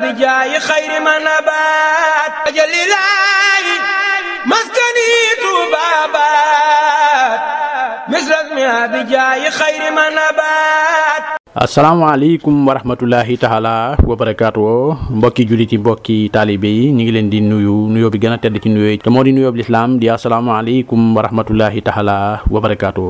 bi jaayi xayri ma nabaat ajali laay maskani tubaabaat misras mi bi jaayi xayri ma nabaat asalaamaaleykum wa rahmatulahi taala wa mbokki jullit yi mbokki taalibe yi ñu ngi leen di nuyu nuyoo bi gën a tedd ci nuyoo te moo di nuyoo bi lislaam di asalaamaaleykum wa rahmatulahi taala wa barakaatu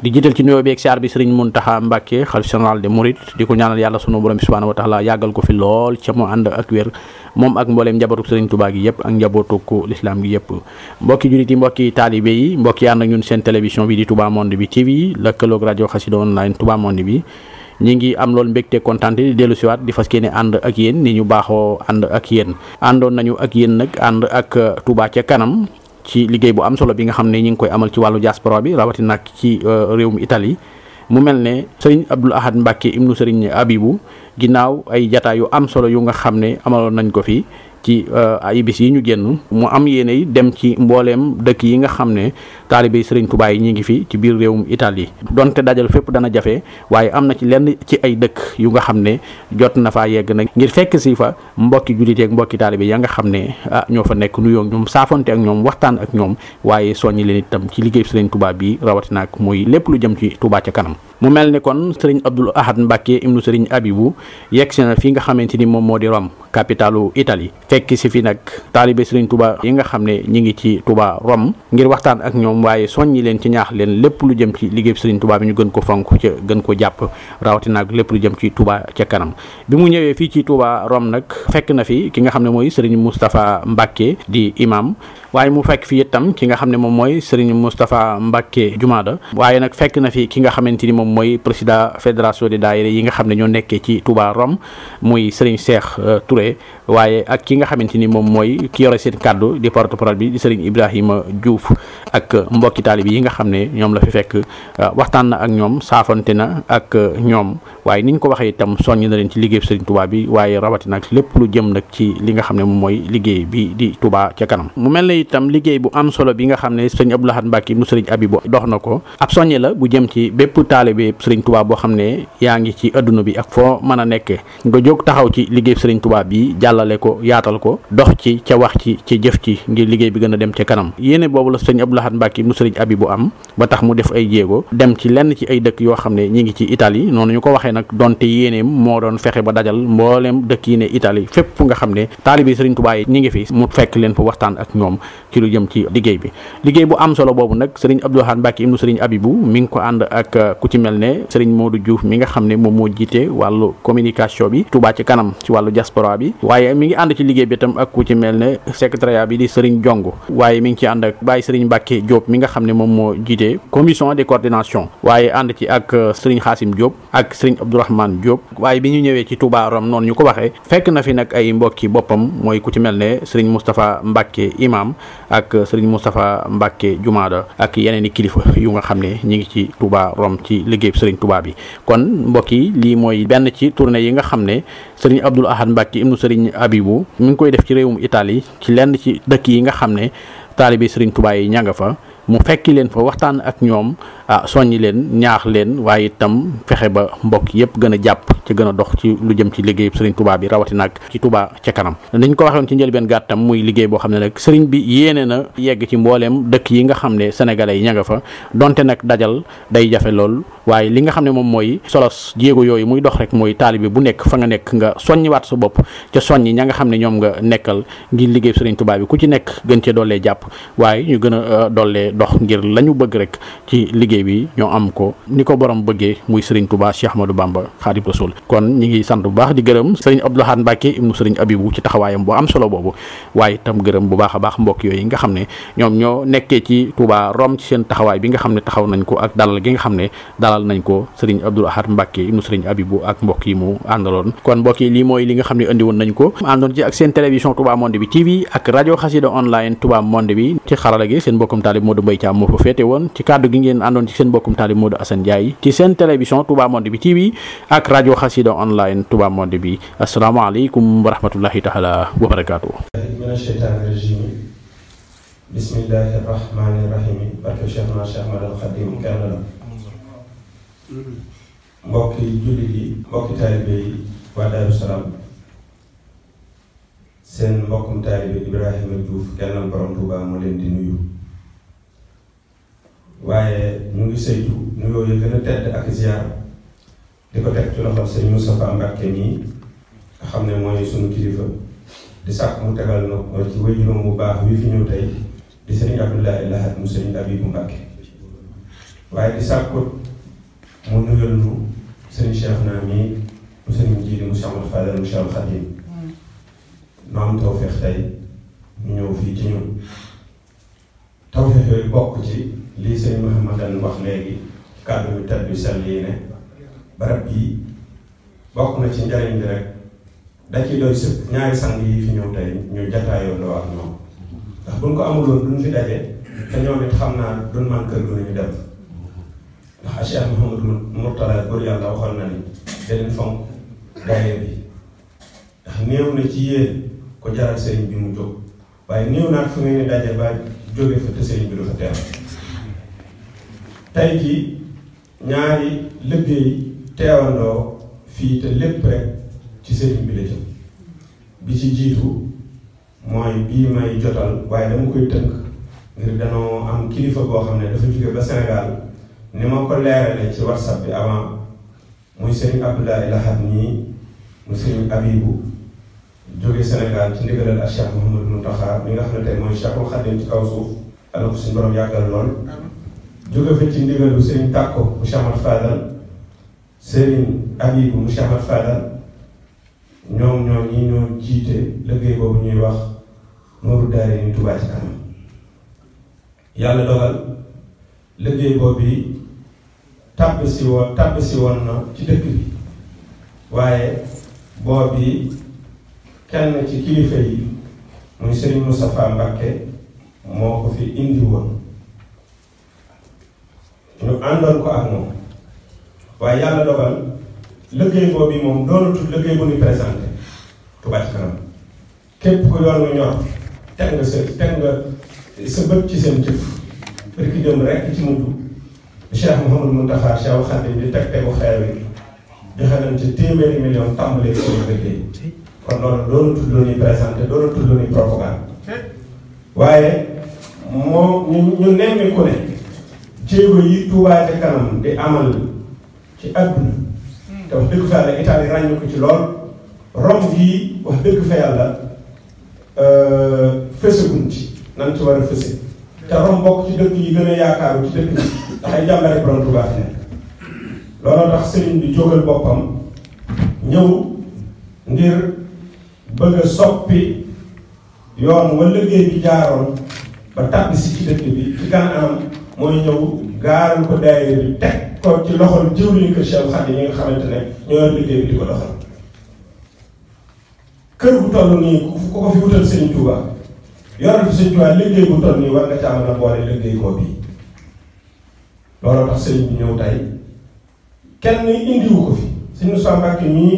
di jiital ci nuyoo bi ak siyaar bi sëriñ Muntaxa Mbàkke xalif général des mourides di ko ñaanal yàlla sunu borom bi subhaanahu wa taala yàggal ko fi lool ca mu ànd ak wér moom ak mbooleem njabootuk sëriñ Tuubaa gi yëpp ak njabootuk lislaam gi yëpp mbokki jullit yi mbokki taalibe yi mbokki ànd ak ñun seen télévision bi di Touba Monde bi TV lëkkaloog rajo Xassida online Touba Monde bi ñu ngi am loolu mbégte kontaan di dellu siwaat di fas ne ànd ak yéen ni ñu baaxoo ànd ak yéen àndoon nañu ak yéen nag ànd ak Touba ca kanam ci liggéey bu am solo bi nga xam ne ñu ngi koy amal ci wàllu diaspora bi rawati nag ci euh, réewum itali mu mel ne sëriñ Abdul Ahad Mbacke ibnu sëriñ Abibu ginnaaw ay jataay yu am solo yu nga xam ne amaloon nañ ko fii ci euh, ay bis yi ñu génn mu am yéene yi dem ci mbooleem dëkk yi nga xam ne taalibe yi sëriñ Tuubaa yi ñi ngi fi ci biir réewum Italie donte dajal fépp dana jafe waaye am na ci lenn ci ay dëkk yu nga xam ne jot na faa yegg nag ngir fekk si fa mbokki jullit ak mbokki taalibe ya nga xam ne ah ñoo fa nekk nuyoo ñoom saafonte ak ñoom waxtaan ak ñoom waaye soññi leen itam ci liggéey sëriñ Tuubaa bi rawatina ak mooy lépp lu jëm ci tubaa ca kanam mu mel ni kon sëriñ Abdul Ahad Mbacke ibnu sëriñ Abibu yegg si na fi nga xamante ni moom moo di Rome capitalu Italie fekk si fi nag taalibe sëriñ Touba yi nga xam ne ñi ngi ci Touba Rome ngir waxtaan ak ñoom waaye soññi leen ci ñaax leen lépp lu jëm ci liggéey sëriñ tubaa bi ñu gën ko fonk ca gën ko jàpp rawatina lépp lu jëm ci Touba ca kanam bi mu ñëwee fii ci Touba Rome nag fekk na fi ki nga xam ne mooy sëriñ Moustapha Mbacke di imam waaye mu fekk fi itam ki nga xam ne moom mooy sëriñ Moustapha Mbacke Jumaada moom mooy président fédération des daayira yi nga xam ne ñoo nekkee ci Touba Rome muy Serigne Cheikh euh, Touré waaye ak ki nga xamante ni moom mooy ki yore seen kàddu di porte-parole bi di Serigne Ibrahima Diouf ak mbokki taalib yi nga xam ne ñoom la fi fekk euh, waxtaan na ak ñoom saafante na ak euh, ñoom waaye niñ ko waxee itam soññ na leen ci liggéey Serigne Touba bi waaye rawatina ak lépp lu jëm nag ci li nga xam ne moom mooy liggéey bi di tubaa ca kanam mu mel ne itam liggéey bu am solo bi nga xam ne Serigne Abdou Lahad Mbacké mu Serigne Abibou dox na ko liggéey sëriñ Touba a nekkee nga jóg taxaw ko yaatal ko dox ci ca wax ci ci bi gën a dem ca kanam yéene boobu la sëriñ Abdou Lahad Mbacké mu sëriñ Abi bu am ba tax mu def ay jéego dem ci lenn ci ay dëkk yoo xam ne ñi ngi ci Italie noonu ñu ko waxee nag donte yéeneem moo doon fexe ba dajal mboolem dëkk yi ne Italie fépp nga xam ne taalibi sëriñ Touba yi ñi ngi fi mu fekk leen fa waxtaan ak ñoom ci lu jëm ci liggéey bi liggéey bu am solo boobu nag sëriñ Abdou Lahad Mbacké ibnu sëriñ Abibu mi ngi ko ànd ak ku ci mel mel ne Serigne Modou Diouf mi nga xam ne moom moo jiite wàllu communication bi Touba ci kanam ci wàllu diaspora bi waaye mi ngi ànd ci liggéey bi itam ak ku ci mel ne secrétariat bi di Serigne Jong waaye mi ngi ci ànd ak Baye Serigne Mbacke Diop mi nga xam ne moom moo jiite commission de coordination waaye ànd ci ak Serigne Xaasim Diop ak Serigne Abdourahmane Diop waaye bi ñu ñëwee ci Touba Rome noonu ñu ko waxee fekk na fi nag ay mbokki boppam mooy ku ci mel ne Serigne Moustapha Mbacke imam ak Serigne Moustapha Mbacke Jumaada ak yeneen i kilifa yu nga xam ne ñi ngi ci Touba Rome ci liggéey sëriñ Tuubaa bi kon mbokk yi lii mooy benn ci tournée yi nga xam ne sëriñ Abdul Ahad Mbàkke ibnu sëriñ Abibu mi ngi koy def ci réewum itali ci lenn ci dëkk yi nga xam ne taalibe sëriñ Tuubaa yi ña nga fa mu fekki leen fa waxtaan ak ñoom ah soññi leen ñaax leen waaye itam fexe ba mbokk yépp gën a jàpp ci gën a dox ci lu jëm ci liggéey sëriñ Touba bi rawatina ak ci Touba ca kanam niñ ko waxoon ci njëlbeen gàttam muy liggéey boo xam ne nag sëriñ bi yéene na yegg ci mbooleem dëkk yi nga xam ne sénégalais yi ña nga fa donte nag dajal day jafe lool waaye li nga xam ne moom mooy solos jéego yooyu muy dox rek mooy taalibe bu nekk fa nga nekk nga soññiwaat sa bopp ca soññi ña nga xam ne ñoom nga nekkal ngir liggéey sëriñ Touba bi ku ci nekk gën cee dollee jàpp waaye ñu gën euh, dox ngir lañu bëgg rek ci liggéey bi ñoo am ko ni ko borom bëggee muy Serigne Touba Cheikh Ahmadou Bamba Khadim Rasoul kon ñi ngi sant bu baax di gërëm Serigne Abdou Lahad Mbacké ci taxawaayam bu am solo boobu waaye itam gërëm bu baax a baax mbokk yooyu nga xam ne ñoom ñoo nekkee ci Touba Rome ci seen taxawaay bi nga xam ne taxaw nañ ko ak dalal gi nga xam ne dalal nañ ko Serigne Abdou Lahad Mbacké ibnu Serigne Abibou ak mbokk yi mu àndaloon kon mbokk yi lii mooy li nga ko àndoon ci ak seen télévision Touba Mbaye Thiam moo féete woon ci kàddu gi ngeen àndoon ci seen mbokkum taalib Modou Assane Ndiaye ci seen télévision Touba Monde bi TV ak rajo Xassida online Touba Monde bi asalaamaaleykum wa rahmatullahi taala wa seen mbokkum taalibe Ibrahima Diouf kenn borom Touba moo leen di nuyu. waaye mu ngi saytu nuyoo yi gën a tedd ak ziar di ko teg ci loxol sëñ Moustapha Mbacke mii xam ne mooy suñu kilifa di sàkk mu tegal na ci wéjuróom bu baax wi fi ñëw tey di sëñ Abdoulaye Lahad mu sëñ Abibu Mbacke waaye di sàkku mu nuyal nu sëñ Cheikh naa mii mu sëñ Jiili mu Cheikh Amadou Fadel mu Cheikh Khadim hmm. ma am tawfeex tey ñu ñëw fii ci ñun tawfeex yooyu bokk ci lii sëñ Mouhamadane wax léegi kàddu yu tedd yu sell yi ne barab bokk na ci njariñ bi rek da doy sëkk ñaari sang yi fi ñëw tey ñu jataayoo loo ak ñoom ndax buñ ko amuloon duñ fi daje te ñoom it xam naa man kër gu ñu dem ndax Cheikh Mouhamadou Mourtala góor yàlla waxoon na ni daleen fonk daayee bi ndax néew na ci yéen ko jaral sëriñ bi mu jóg waaye néew naa fi ngeen daje ba jóge fa te sëriñ bi du fa tey jii ñaari liggéey teewandoo fii te lépp rek ci sëriñ bi la bi ci jiitu mooy bii may jotal waaye dama koy tënk ngir danoo am kilifa boo xam ne dafa jóge ba Sénégal ni ma ko leerale ci whatsapp bi avant muy sëriñ Abdoulaye Lahad nii mu Abibu jóge Sénégal ci ndigalal ak Cheikh Mouhamadou Mountakha mi nga xam ne tey mooy Cheikhul Khadim ci kaw suuf alako suñu borom yàggal lool jóge fa ci ndigalu sëriñ Tàkko mu Cheikh Ahmad Fadal sëriñ Abibu mu Cheikh Ahmad Fadal ñoom ñoo ñi ñoo jiite liggéey boobu ñuy wax Nuuru Daarayni Touba Ca Kanam yàlla dogal liggéey boobu yi a si woon tàbb si woon na ci dëkk bi waaye boobu kenn ci kilifa yi muy sëriñ Mbakke moo fi indi woon ñu àndoon ko ak moom waaye yàlla dogal liggéey boobu bi moom doonatul liggéey bu ñu présenté Touba Ca képp ku yoon nga ñor teg nga sa teg nga sa ci seen jëf bërki dem rek ci mujj Cheikh Mouhamadou Mountakha Cheikh Khadim di teg tegu xeer wi joxe nañ ci téeméeri million tàmbalee ci suñu liggéey kon loolu doonatul lu ñuy présenté doonatul lu ñuy propagande waaye moo ñu ñu nemmi ku ne jéego yi Touba ca kanam di amal ci àdduna hmm. te wax dëgg fa yàlla état bi ci lool romb yi wax dëgg fa yàlla euh, fësaguñ ci nan ci war a fëse te romb bokk ci dëkk yi gën a yaakaaru ci dëkk yi ndax ay jàmbare borom Touba fi nekk looloo tax sëriñ bi jógal boppam ñëw ngir bëgg soppi yoon wala liggéey bi jaaroon ba tàbbi si ci dëkk bi ci gan mooy ñëw gaaral ko daayira bi teg ko ci loxol jëwriñu kër Cheikh Xadim yi nga xamante ne ñoo liggéey bi di ko doxal kër bu toll nii ku ko fi wutal Sëriñ Tuubaa yoral fi Sëriñ Tuubaa liggéey bu toll nii war nga caa mën a boole liggéey ko bii looloo tax sëriñ bi ñëw tey kenn indiwu ko fi suñu sambakki mii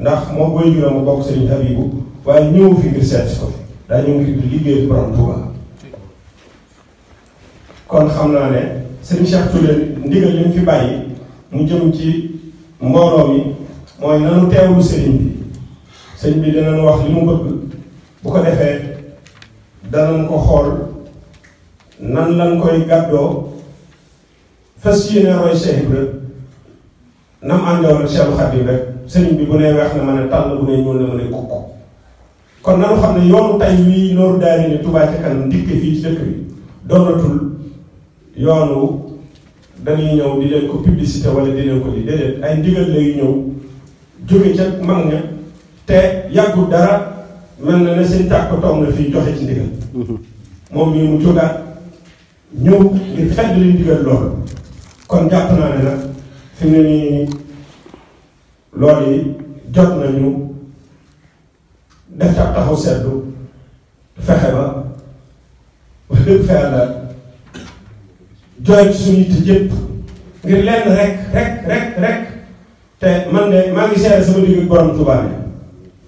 ndax moo koy juróom bokk Sëriñ Habibu waaye ñëw fi ngir seet si ko fi daa ñëw ngir liggéey kon xam naa ne sëriñ Cheikh Touré ndigal li mu fi bàyyi mu jëm ci mbooloo mi mooy nanu teewlu sëriñ bi sëriñ bi dinañ wax li mu bëgg bu ko defee danañ ko xool nan lañ koy gàddoo fas yéene roy Cheikh Ibra nam àndoon Cheikh Khadim rek sëriñ bi bu nee weex na mën a tàll bu nee ñuul na mën a kukk kon nanu xam ne yoonu tay wii nooru daari ne Touba ca kanam dikk fii ci bi doonatul yoonu dañuy ñëw di leen ko publicité wala di leen ko di déedéet ay ndigal lay ñëw jóge ca mag ña te yàggul dara mel na ne seen tàkk toog na fii joxe ci moom mii mu jógaat ñëw ngir fedd li ndigal loolu kon jàpp naa ne fi mu ne nii loolu jot nañu def tax taxaw seddu fexe ba jooyal suñu yitte jëpp ngir lenn rek rek rek rek te man de maa ngi seere sama digg borom Tuubaa ne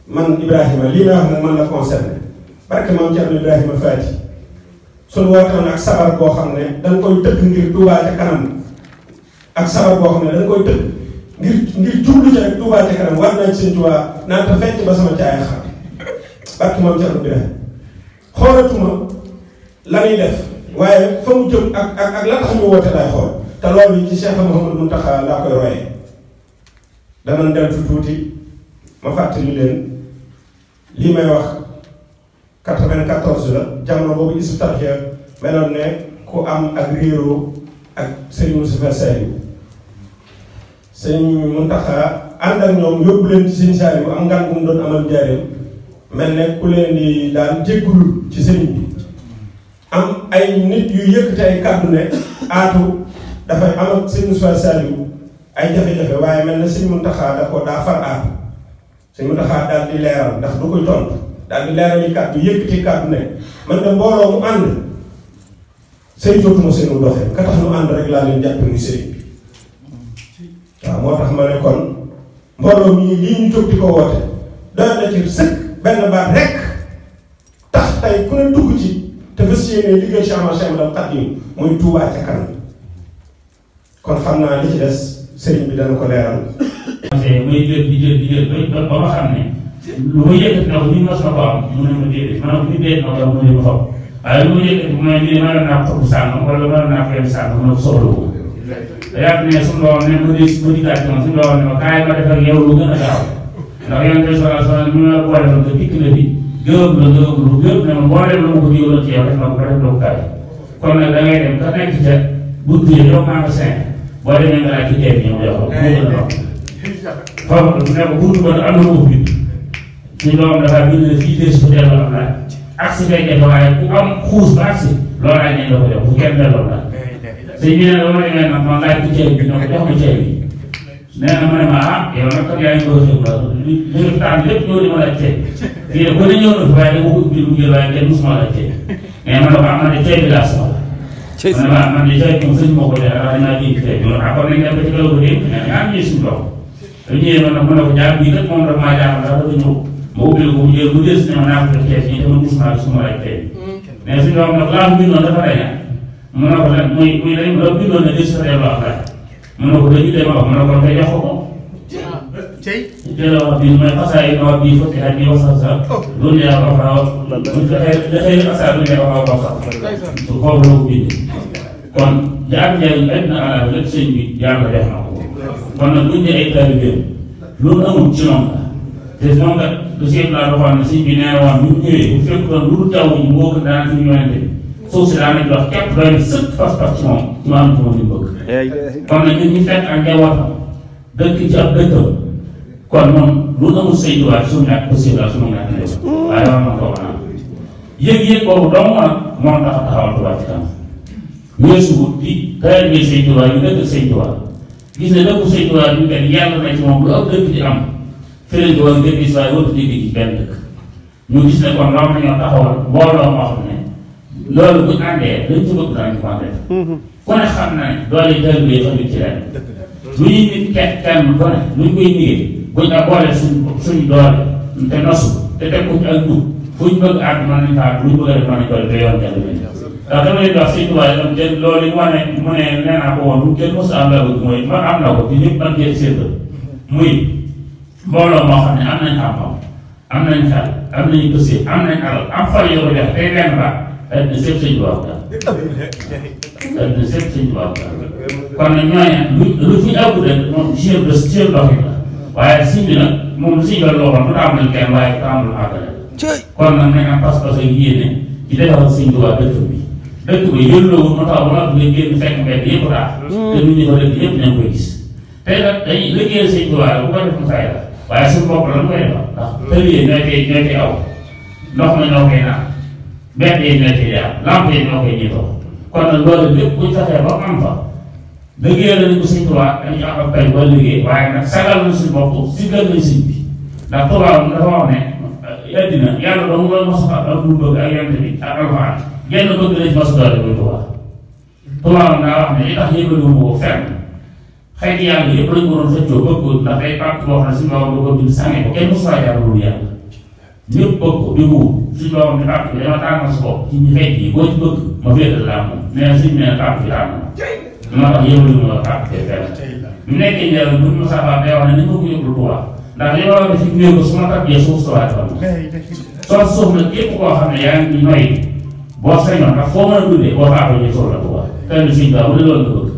man Ibrahima lii may wax nag man la concerné barke maam Cerno Ibrahima Faati suñu wootoon ak sabar boo xam ne dañ koy tëgg ngir Tuubaa ca ak sabar boo xam ne dañ koy tëgg ngir ngir jublu ca Tuubaa ca kanam war nañ seen Tuubaa naan te fecc ba sama xam barke maam Cerno Ibrahima xoolatuma la muy def waaye fa mu jëm ak ak ak la tax ñu woote lay xool te loolu ci Cheikh Mouhamadou Mountakha laa koy royee danañ deltu tuuti ma fàttali leen lii may wax quatre-vingt-quatorze la jamono boobu isu tarxia meloon ne ku am ak réeroo ak Serigne Moustapha Saliou Serigne Mountakha ànd ak ñoom yóbbu leen ci Serigne Saliou am ngan bu mu doon amal njaareem mel ne ku leen di daan jéggulu ci Serigne am ay nit yu yëkkati ay kàddu ne aatu dafay am ak sëñ Moussa Saliou ay jafe-jafe waaye mel na sëñ Mountakha da ko daa far aatu sëñ Mountakha daal di leeral ndax du koy tontu daal di leeral yi kàddu yëkkati kàddu ne man de mbooloo mu ànd saytootuma seenu doxe ka tax nu ànd rek laa leen jàpp ni sëriñ waaw moo tax ma ne kon mbooloo lii ñu jóg di ko woote doon na ci sëkk benn baat rek tax tey ku ne dugg ci te fas yéenee liggéey Cheikh Ahmad Cheikh Ahmadou Khadim muy Tuubaa ca kanam kon xam li ci des sëriñ bi ko leeral. muy jël di jël di jël ba mos na ko mu ne ma déedéet ma ne ko na ko mu ne ma xaw waaye lu ma yëkkati ma ne ma la naa xobu sànn wala ma la naa xeebu sànn ma ne ko soxla ko te yàgg ne suñu doom ne ma des ma dikkaat ma suñu doom ne ma kaay ma def ak yow lu gën a gaaw ndax yow tey soxla soxla ñu la boole ba dikk na bi gërëm la gërëm lu gërëm ne mboolem lu ma ko jiwloon ci yow def na ko def na ko kaay kon nag da ngay dem ka nekk ca bunt yi yow maa ngi cinq boo demee nga laaj ci teeb ñëw jox ko foofu eh. ne ko bunt ba am na ko bind suñu doom dafa bind ne fii dee su delloo am laaj aksi kay def waaye ku am xuus ba aksi loolu laaj nañ la ko jox bu kenn delloo la sëñ bi ne la ma demee nag ma laaj ci ceeb bi ne ko jox ma ceeb bi nee na ma ne ma ah yow nag kat yaa ngi ko xëy ma li li tànn lépp ñoo di ma laaj ceeb ngir ku ne ñëw na fi waaye da ko ubbil mu jël waaye kenn mosuma la tey mais man de ah man de tey bi laa soxla. cëy si man man de tey bi moom sëñ moo ko tey dafa dinaa jënd tey bi loolu accord nañ dem ba ci kër gi de mais naa ñëw suñu loxo. te ñëwee noonu nag mu ne ko jaar bii nag moom dafa maa jaaxal dafa dafa ñëw ma ubbil ko mu jël mu des ne ma naa ko def tey fii dama mosuma la suma la tey mm. mais suñu loxo nag laa mu bindoon dafa rëy mu ne ko lan muy muy rek mu doon bindoon ne des fa tey loo xam rek mu ne ko dañu dem wax mu ne ko nga jox ko cey jëlawa bi mooy xasaay noor bi fukki at yi wasaf sax loolu yaa ko xaw buñ ko xëy la xëy asaar bi nga xaw a sax su foofu la ko bindee kon jaar njariñ rek na alaal rek sëñ bi yàlla def na ko kon nag buñ dee ay taalibeem loolu amul ci moom la te moom kat du sieb laa doxoon ne sëñ bi nee woon ñu ñëwee bu fekkoon lu taw ñu moo ko daan suñu yonente suuf si daan nañ wax képp doy sëkk pas-pas ci moom ci maanaam ci moom li bëgg kon nag ñun ñu fekk ak njabootam dëkk ci ab dëkkam kon moom lu amul saytuwaat suñu ak possible la suñu ñàkk a jóg waaye war na koo mën a yëg-yëg boobu dong nag moo tax a taxawal Touba ci kanam weesu wut di traité saytuwaat yu dëkk saytuwaat gis ne dëkku saytuwaat yu mel yàlla na ci moom lu ëpp dëkk di am fële ci wàllu gis waaye wëpp di ci benn dëkk ñu gis ne kon loolu nañoo taxawal mbooloo moo xam ne loolu buñ àndee dañ ci bëgg daañu ko def mhm. ku ne xam na ne doole jël bi yëpp ci leen lu ñuy nit kenn kenn ku ne luñ koy nigee buñ la boole suñ suñ doole te nosu te teg ko ci ak dugub fuñ bëgg àgg mën nañ faa luñ bëgg a def mën nañ ko def te yoon nga demee. ndax dama leen di wax si tubaab yi jël loolu yi wane mu ne nee naa ko woon lu kenn mos am la bëgg mooy man am na ko bi ñëpp man jël seen muy mbooloo moo xam ne am nañ xam-xam am nañ xel am nañ dossier am nañ alal am xol yoo ko def tey lenn ba xëy na sëb sëñ tubaab daal xëy na sëb sëñ tubaab daal kon nag ñooñu lu lu fi àggul rek moom jéem la jéem la waaye sëñ bi nag moom sëñ la loo xam du taamu nañ kenn waaye du taamu lu àggale kon nag nañ am pas-pas ak yéene ci defal sëñ bi waa dëkk bi dëkk bi yëlloo ma taw wala nga génn fekk mbedd yëpp raa hmm. te nit ñi fa dëkk yëpp nañ koy gis tey nag dañuy liggéeyal sëñ bi waaye bu ko def mu fay la waaye suñu bopp la ñu koy defal ndax tëliyee ñoo koy ñoo koy aw ndox ma ñoo koy naan mbedd yi ñoo koy jaar lamp yi ñoo koy ñiitoo kon nag loolu lépp buñ fexee ba am fa liggéeyal nañu ko suñ Tuubaa dañu am ak pay wala liggéey waaye nag sagal nañ suñ bopp sigal nañ suñ bi ndax Tuubaa dafa wax ne eh, àddina yàlla dong mooy mos a ak lu bëgg ak yonent bi ak alxuraan genn bëgg lañ mos doole muy Tuubaa Tuubaa daa wax ne li tax ñëpp ñu ko fenn xeeti yàlla yëpp lañ ko doon xëccoo bëgg ndax day pàcc boo xam ne suñ borom da ko bind sànni ko kenn mos faa yàlla lu yàlla ñëpp bëgg ko di wut suñ borom di pàcc bi dañoo tànn sa bopp ci ñu xeet yi boo ci bëgg ma féetal laa moom nee na suñ nee pàcc bi laa moom moo tax yëngu la participer fenn bu nekkee njëriñ bu ñu saafara day wax ne ni ma ko yóbbu Tuubaa ndax li ma war a def ci mbir mi su ma tabbee suuf si waay toll suuf nag képp koo xam ne yaa ngi ñu noyyi boo sañoon ndax foo mën a dundee boo faatoo ñu suuf la Tuubaa kenn suñ ba bu dee loolu nga bëgg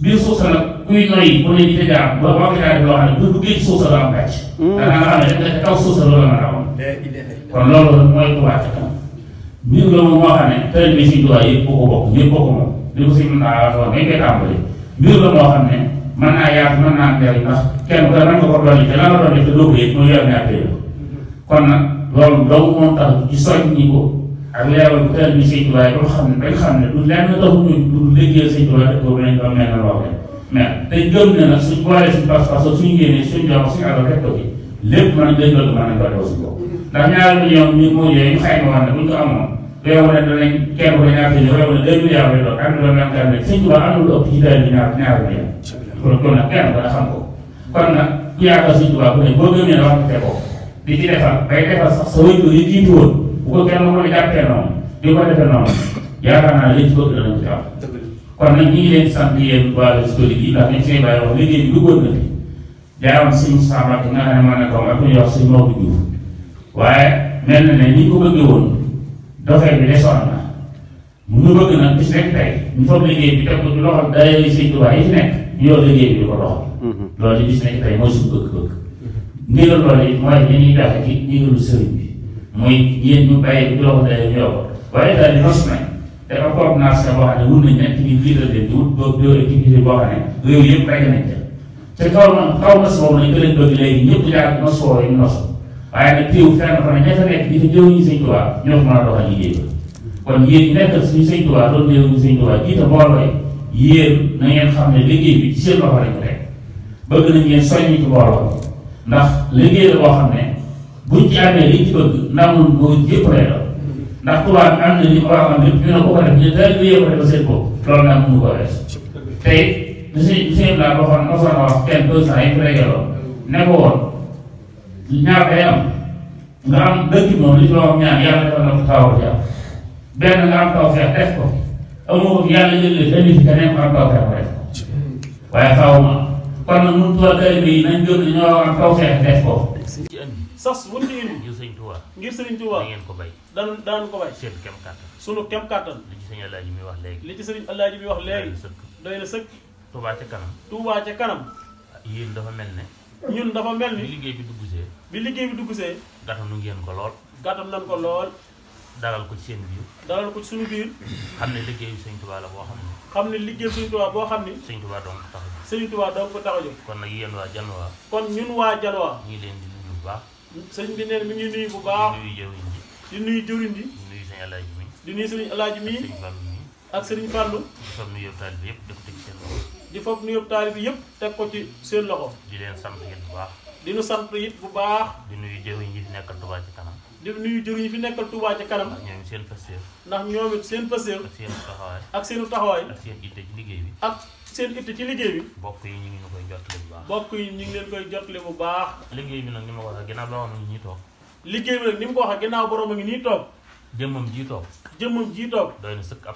biir suuf sa nag kuy noyyi ku ne ñu te jaam ba boo ko jaaree loo xam ne bu duggee ci suuf sa doo am gàcc. Mm. da ngaa xam ne rek nga taw suuf sa loolu la mën a am. kon loolu mooy Tuubaa ca kanam mbir la moom moo xam ne teel bi suñ Tuubaa yëpp ko bokk ñëpp ko moom li ko sëñ Moussa waxoon dañ koy tàmbali mbir la moo xam ne mën naa yaatu mën naa dellu ndax kenn ku ne mën nga ko dolli te la nga dolli ko yëg mooy yor ñaar kon nag loolu dong moo tax ci soññi ko ak leeral bu teel bi sëñ Tuubaa ba xam ne dañ xam ne du lenn taxu ñu du liggéeyal sëñ Tuubaa na loolu mais dañ gëm ne nag suñ boole suñ pas-pas suñ yéene suñ jox suñu alal rek ko ci lépp mën dañ doon mën a dolli suñ bopp ndax ñaar million mi mooy yooyu ñu xayma réew mi nag danañ kenn ku ne ñaata ñu réew mi deux milliards lay doon am na loolu yaakaar ne sëñ Tuubaa amul ëpp ci taal bi ñaar ñaar milliards. kon kon nag kenn ku ne xam ko. kon nag ku yaakaar sëñ Tuubaa ku ne boo gëmee la wax te ko di ci defal bay defal sax sa wëy ko yi jiitu woon bu ko kenn mën a jàppee noonu di ko defee noonu yaakaar naa liñ ci bëgg dana ko ci am. kon nag ñu ngi leen sant yéen waa historique yi ndax nañ seen bàyyi wax liggéey bi duggoon na fi jaaroon suñu sàmm ak nga xam ne moo nekkoon ak ñu wax suñu Maodo Diouf waaye mel na ne ni ñu ko bëggee woon dofeel bi de sonn na mu ngi bëgg nag bis nekk tey ñu foog liggéey bi teg ko ci loxo day sëñ Tuubaa yi fi nekk ñu yor liggéey di ko doxal. Mhm. loolu bis nekk tey mooy suñu bëgg-bëgg. ndigal loolu it mooy li ñuy joxe ci ndigalu sëriñ bi muy yéen ñu bàyyi bi ci loxo day ñu yor ko waaye daal di nos nañ dafa coordination boo xam ne wut nañ nekk ñu jiital leen di wut boobu door activité boo xam ne réew yëpp bàyyi nañ ca te kaw na kaw nos boobu nag gën a bëgg léegi ñëpp jaar nos boobu ñu nos waaye nag teew fenn fa ne ña fa nekk di fa jëw ñu sëñ ko mën a doxal liggéey ba kon yéen ñi nekkal suñu sëñ Tuubaa doon jëw ñu sëñ Tuubaa jiite mbooloo yi yéen na liggéey bi ci seen loxo lañ ko teg bëgg nañ ngeen soññ ci ndax liggéey la ne buñ ci amee liñ ci bëgg ndamul góor yëpp ndax tubaab am li mu a ne ko ko def ñu daal di yëngu ko def seen bopp loolu nag mënu ko def tey monsieur monsieur Ibrahima waxoon na soxna wax kenn deux cent yi ñaar day am nga am dëkk moom li ci wax ñaar yàlla defal na ko taw bi am benn nga am taw feex def ko amoo ko yàlla jëlee kon nag ñun tool taalibe yi nañ jot ñoo am taw feex def ko. sas bu seen kem kàttan sunu wax léegi li ci sëriñ Alaaji doy na sëkk Tuubaa ca kanam Tuubaa ca kanam yéen dafa mel ne ñun dama mel ni. liggéey bi dugg see. bi liggéey bi dugg see. gàttal nu ngeen ko lool. gàttal nag ko lool. dalal ko ci seen biir. dalal ko ci suñu biir. xam ne liggéeyu Sëñ Tuubaa la boo xam ne. xam ne liggéeyu Sëñ Tuubaa boo xam ne. Sëñ Tuubaa dong ko tax a jóg. Sëñ Tuubaa dong ko tax a kon nag yéen waa Jalwaa. kon ñun waa Jalwaa. ñu ngi leen di nuyu bu baax. sëñ bi neen mi ngi nuyu bu baax. di nuyu jëwriñ ji. di nuyu jëwriñ ji. di nuyu sëñ Alaaji mi. di nuyu yëpp di di fab nu yëpp taalibe yëpp teg ko ci seen loxo. di leen sant it bu baax. di nu sant it bu baax. di nuyu jëriñ yi fi nekkal Touba ci kanam. di nuyu jëriñ yi fi nekkal Touba ci kanam. ndax ñoom seen pasteef. ndax ñoom seen pasteef. ak seen taxawaay. ak seen taxawaay. ak seen itte ci liggéey bi. ak seen itte ci liggéey bi. bokk yi ñu ngi leen koy jottale bu baax. bokk yi ñu ngi leen koy jottale bu baax. liggéey bi nag ni ma ko waxee a ngi nii toog. liggéey ni ma ko ginnaaw borom a ngi nii toog jëmmam jii toog jëmmam jiitoo toog doy na sëkk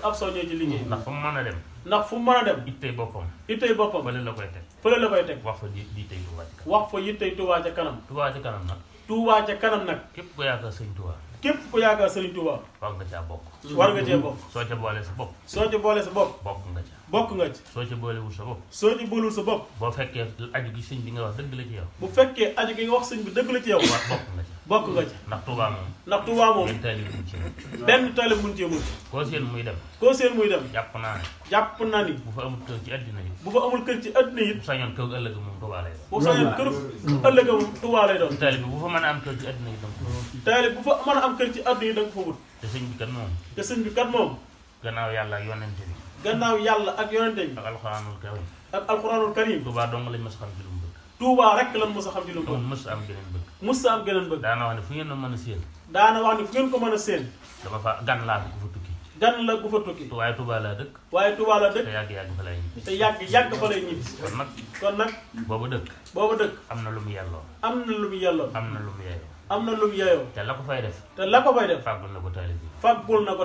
ab soññee ci liggéey doy na sëkk ab ndax fu mu a dem ndax fu mu mën a dem ittey boppam ittey boppam fële la koy teg fële la koy teg wax fa yittey Tuubaa ca kanam wax fa yittey Tuubaa ca kanam Tuubaa ca kanam nag Tuubaa ca kanam nag képp ku yaakaar sëñ Tuubaa képp ko yaakaar sëñ Tuubaa war nga caa bokk war nga cee bokk soo ca boole sa bopp soo ca boole sa bopp bokk nga ca bokk nga ci. soo ci boolewul sa bopp. soo ci boolewul sa bopp. boo fekkee aju gi sëñ bi nga wax dëgg la ci yow. bu fekkee aju gi nga wax sëñ bi dëgg la ci yow. waaw bokk nga ci. bokk nga ci. ndax Tuubaa moom. ndax Tuubaa moom benn taalib mun cee mucc. benn taalib mun cee mucc. koo seen muy dem. koo seen muy dem. jàpp naa ni. jàpp naa ni. bu fa amul kër ci àddina yi. bu fa amul kër ci àddina yi. bu sañoon kër ëllëg moom Tuubaa lay doon. bu sañoon kër ëllëg moom Tuubaa lay doon. taalib bu fa mën a am kër ci àddina yi donc. taalib bu fa mën a am kër ci àddina yi da nga fa wut. te sëñ bi kat moom. te sëñ bi kat moom. gannaaw yàlla ak yonente bi gannaaw yàlla ak yonente bi. ak alxuraanul karim. ak alxuraanul karim. Touba dong lañ mës a xam ci lu mu bëgg. Touba rek lañ mës a xam ci lu mu bëgg. mës a am geneen bëgg. mës a am geneen bëgg. daana wax ne fu ngeen mën a séen. daana wax ne fu ngeen ko mën a séen. dama fa gan laa ko fa tukki. gan la gu fa tukki. waaye Touba laa dëkk. waaye Touba laa dëkk. te yàgg yàgg fa lay ñibbi. te yàgg yàgg fa lay ñibbi. am na lu mu yelloo. am na lu mu yelloo. lu am na lu mu te la ko fay te la ko fay def. na ko taalib yi. na ko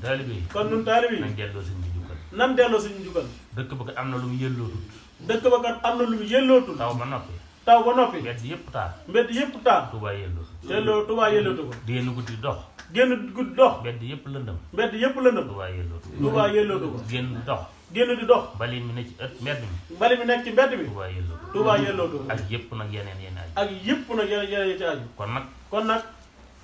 taalib yi. kon nun taalib yi. nan delloo suñu njukkal. dëkk ba kat am na lu mu yëllootul. dëkk ba kat am lu mu yëllootul. taw ba noppi. taw ba noppi. mbedd yëpp taal. mbedd yëpp taal. Touba yëlloo. yëlloo Touba yëllootu ko. génn guddi dox. génn guddi dox. mbedd yëpp lëndëm. mbedd yëpp lëndëm. Touba yëllootu génn dox. génn di dox. mbali mi nekk ci ëtt mbedd mi. mbali mi nekk ci mbedd mi. Touba yëllootu ko. Touba yëllootu ko. ak yëpp nag yeneen yeneen aju. ak yëpp nag yeneen yeneen ci aju. kon nag. kon nag.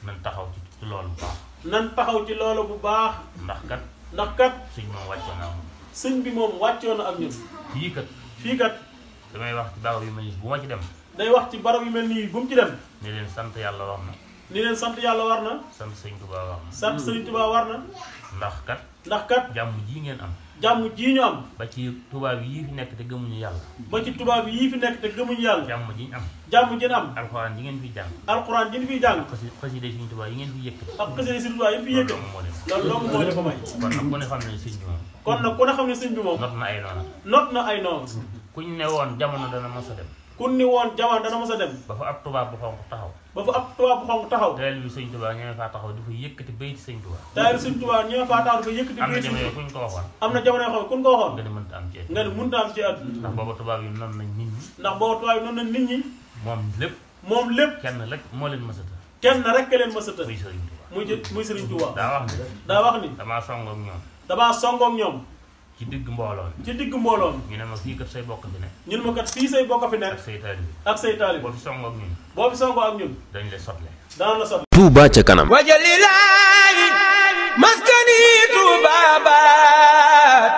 nan taxaw ci loolu bu baax. nan taxaw ci loolu bu baax. ndax kat ndax kat. sëñ moom wàccoon na sëñ bi moom wàccoon na ak ñun. fii kat. fii kat. damay wax ci barab yu mel nii bu ma ci dem. day wax ci barab yu mel nii bu mu ci dem. ni leen sant yàlla war na. ni leen sant yàlla war na. sant sëñ Tuubaa war na. sant sëñ Tuubaa war na. ndax kat. ndax kat jàmm jii ngeen am. jàmm ji ñu am. ba ci tubaab yii fi nekk te gëmuñu yàlla. ba ci tubaab yii fi nekk te gëmuñu yàlla. jàmm ji ñu am. jàmm ji ñu am. alxuraan ji ngeen fi jàng. alxuraan ji ngeen fi jàng. xasida Sëriñ Tuubaa yi ngeen fi yëkkati. ak xasida Sëriñ Tuubaa yi fi yëkkati. loolu dong moo leen ko may. kon nag ku ne xam ne sëñ bi moom. kon nag ku ne xam ne sëñ bi moom. not na ay noonu. not na ay noonu. kuñ ne woon jamono dana mos a dem. kuñ ne woon jamono dana mos a dem. ba fa ab tubaab bu xonq taxaw ba fa ab tubaab bu taxaw. taalibe sëñ Tuubaa ñoo faa taxaw dafa yëkkati béy ci sëñ Tuubaa. taalibe sëñ Tuubaa ñoo faa taxaw dafa yëkkati béy ci sëñ am na jamono kuñ ko waxoon. am na jamono yoo xam ne kuñ ko waxoon. nga ne tubaab lépp. kenn rek moo leen mës a të. kenn rek ka leen mës a të. muy sëriñ Tuubaa muy sëriñ Tuubaa. daa wax ni. daa wax ni. damaa songoog ñoom. damaa songoog ñoom ci digg mbooloo mi ci digg mbooloo mi ñu ne ma fii kat say bokk fi ne ma kat fii say bokk fi ak say taalib ak say taalib boo fi songoo ak ñun boo fi songoo ak ñun dañ la sotle daan la ca kanam wajalilaahi maskani Touba baat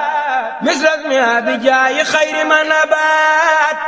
misras mi abijaayi xayri ma nabaat